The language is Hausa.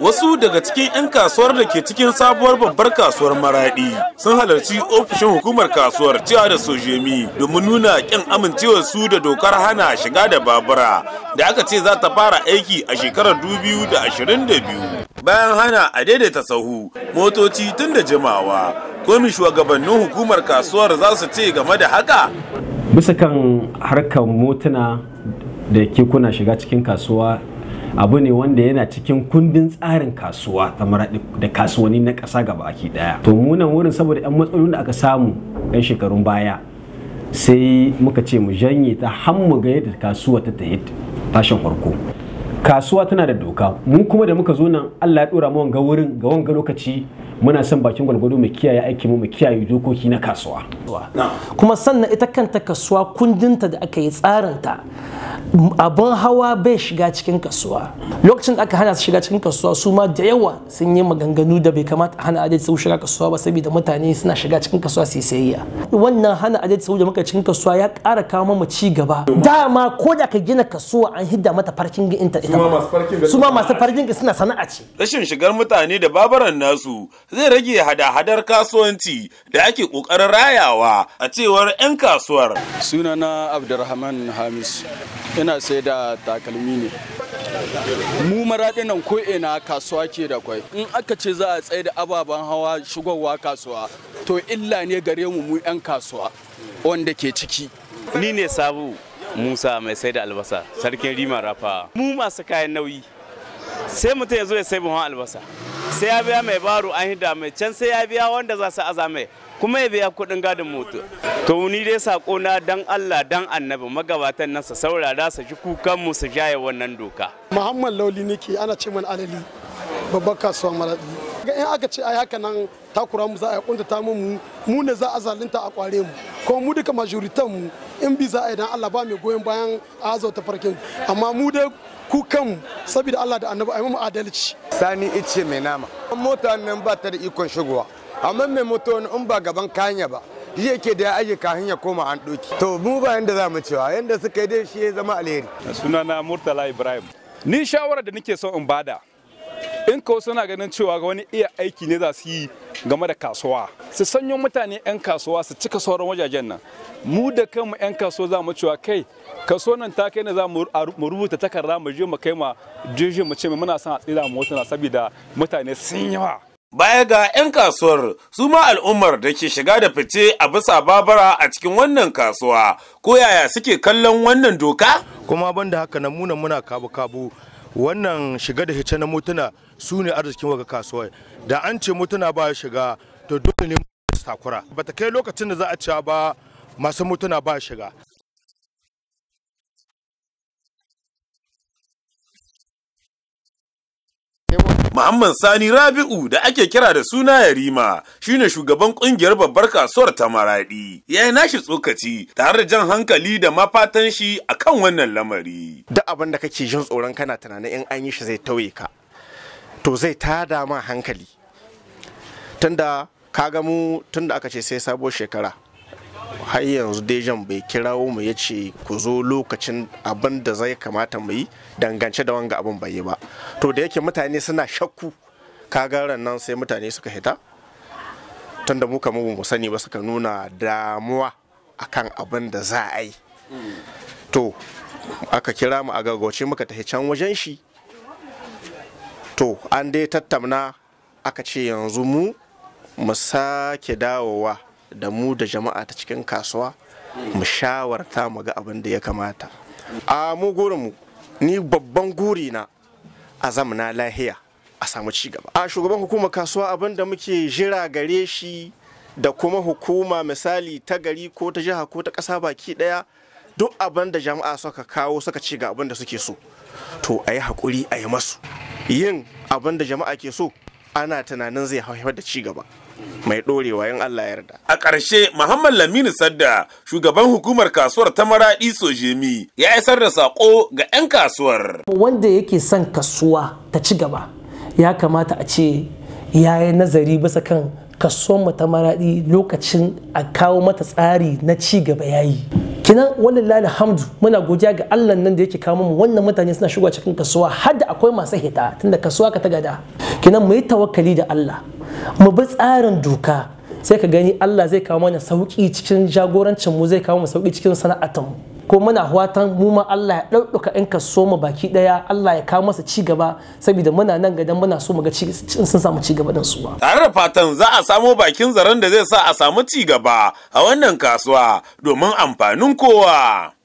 wasu daga cikin 'yan kasuwar da ke cikin sabuwar babbar kasuwar Maraɗi sun halarci ofishin hukumar kasuwar cewa da sojemi domin nuna kyan amincewar su da dokar hana shiga da babura da aka ce za ta fara aiki a shekarar 2022 bayan hana a daidaita sahu motoci tun da jimawa komi shugabannin hukumar kasuwar za su ce game da haka bisa kan harkar motuna da kekuna shiga cikin kasuwa abu ne wanda yana cikin kundin tsarin kasuwa kamar da kasuwanni na ƙasa gaba ake daya to munan wurin saboda 'yan matsalolin da aka samu 'yan shekarun baya sai muka ce mu janye ta har mu ga yadda kasuwa ta tafi tashin farko kasuwa tana da doka mu kuma da muka zo nan Allah ya dora mu wanga wurin ga wanga lokaci muna son bakin gwalgwado mu kiyaye aiki mu mu kiyaye dokoki na kasuwa kuma sannan ita kanta kasuwa kundinta da aka yi tsarin ta. abin hawa bai shiga cikin kasuwa lokacin da aka hana su shiga cikin kasuwa su ma da yawa sun yi maganganu da bai kamata hana adadi sau shiga kasuwa ba saboda mutane suna shiga cikin kasuwa su sayayya wannan hana adadi sau da muka cikin kasuwa ya ƙara kawo mu ci gaba dama ko da ka gina kasuwa an hidda mata farkin ga inta ita su ma masu farkin ga suna sana'a ce rashin shigar mutane da babaran nasu zai rage hada-hadar kasuwanci da ake kokarin rayawa a cewar 'yan kasuwar sunana abdurrahman hamis ina sai da takalmi ne mu maraɗinan nan ko ina kasuwa ke da kwai in aka ce za a tsaye da ababen hawa shigowa kasuwa to illa ne gare mu mu 'yan kasuwa wanda ke ciki ni ne sabu musa mai sai da albasa sarkin rima rafa mu masu kayan nauyi sai mutum ya zo ya sai buhun albasa sai ya biya mai baro an hida mai can sai ya biya wanda za su aza mai kuma ya biya kuɗin gadin moto to ni dai sako na dan Allah dan annabi magabatan nan sa saurara su ji kukan mu su jaye wannan doka Muhammad Lauli nake ana ce man alali babbar kasuwa maradi ga in aka ce ai haka nan takura mu za a ta mu mu ne za a zalunta a kware mu ko mu duka majoritan mu in bi za a dan Allah ba mai goyon bayan a azauta farkin amma mu dai kukan kan saboda Allah da annabi ai mu adalci sani ice mai nama mota nan ba ta da ikon shigowa amma mai moto in ba gaban kanya ba shi yake da aje kafin ya koma an doki to mu ba yanda za mu cewa yanda suka yi dai shi ya zama alheri sunana murtala ibrahim ni shawarar da nake so in bada in ko suna ganin cewa ga wani iya aiki ne za su yi game da kasuwa su sanyo mutane 'yan kasuwa su cika sauran wajajen nan mu da kanmu 'yan kasuwa za mu cewa kai kaso nan ta kai ne za mu rubuta takarda mu je mu kai ma jirgin mu ce muna son a tsira mu na saboda mutane sun yawa Baya ga 'yan kasuwar su ma al'ummar da ke shiga da fice a bisa babara a cikin wannan kasuwa ko yaya suke kallon wannan doka? Kuma ban da haka nan muna muna kabu-kabu wannan shiga da hice na mutuna su ne arzikin waga kasuwar da an ce mutuna ba shiga to dole ne takura bata kai lokacin da za a cewa ba masu mutuna ba shiga Muhammad Sani Rabi'u da ake kira da suna Yarima shine shugaban kungiyar babbar kasuwar ta Maradi. Ya yi nashi tsokaci tare da jan hankali da mafatan shi akan wannan lamari. Duk abin da kake jin tsoron kana tunanin in an yi shi zai tauye ka. To zai tada ma hankali. Tunda ka ga mu tunda aka ce sai sabuwar shekara har yanzu dejan bai kirawo mu ya ce ku zo lokacin abin da zai kamata mu yi dangance da wanga abin bai yi ba to da yake mutane suna shakku kagaran nan sai mutane suka hita tunda muka mu mu sani ba suka nuna damuwa akan abin da za a yi to aka kira mu a gaggauce muka tafi can wajen shi to an dai tattamna aka ce yanzu mu mu sake dawowa da mu da jama'a ta cikin kasuwa mu shawarta mu ga abin da ya kamata a mu gurinmu ni babban guri na a zamana lahiya a samu ci gaba a shugaban hukumar kasuwa abin da muke jira gare shi da kuma hukuma misali ta gari ko ta jiha ko ta ƙasa baki ɗaya duk abin da jama'a suka kawo suka ci ga abin da suke so to a yi haƙuri a yi masu yin abin da jama'a ke so ana tunanin zai haifar da ci gaba mai ɗorewa in Allah yarda. A ƙarshe Muhammad Lamini Sadda shugaban hukumar kasuwar ta Maraɗi Sojemi ya isar da saƙo ga 'yan kasuwar. Wanda yake son kasuwa ta ci gaba ya kamata a ce ya yi nazari bisa kan kasuwar mu ta Maraɗi lokacin a kawo mata tsari na ci gaba ya yi. kinan wallahi hamdu muna godiya ga Allah nan da yake kawo mu wannan mutane suna shigowa cikin kasuwa har akwai masu hita tunda kasuwa ka ta gada kinan mu yi tawakkali da Allah mu bi tsarin doka sai ka gani Allah zai kawo mana sauki cikin jagorancin mu zai kawo mu sauki cikin sana'atan mu ko muna watan mu ma Allah ya ɗauɗuka in ka so mu baki ɗaya Allah ya kawo masa cigaba gaba saboda muna nan gadan muna so mu ga sun samu cigaba gaba dan su ba tare da fatan za a samo bakin zaren da zai sa a samu ci gaba a wannan kasuwa domin amfanin kowa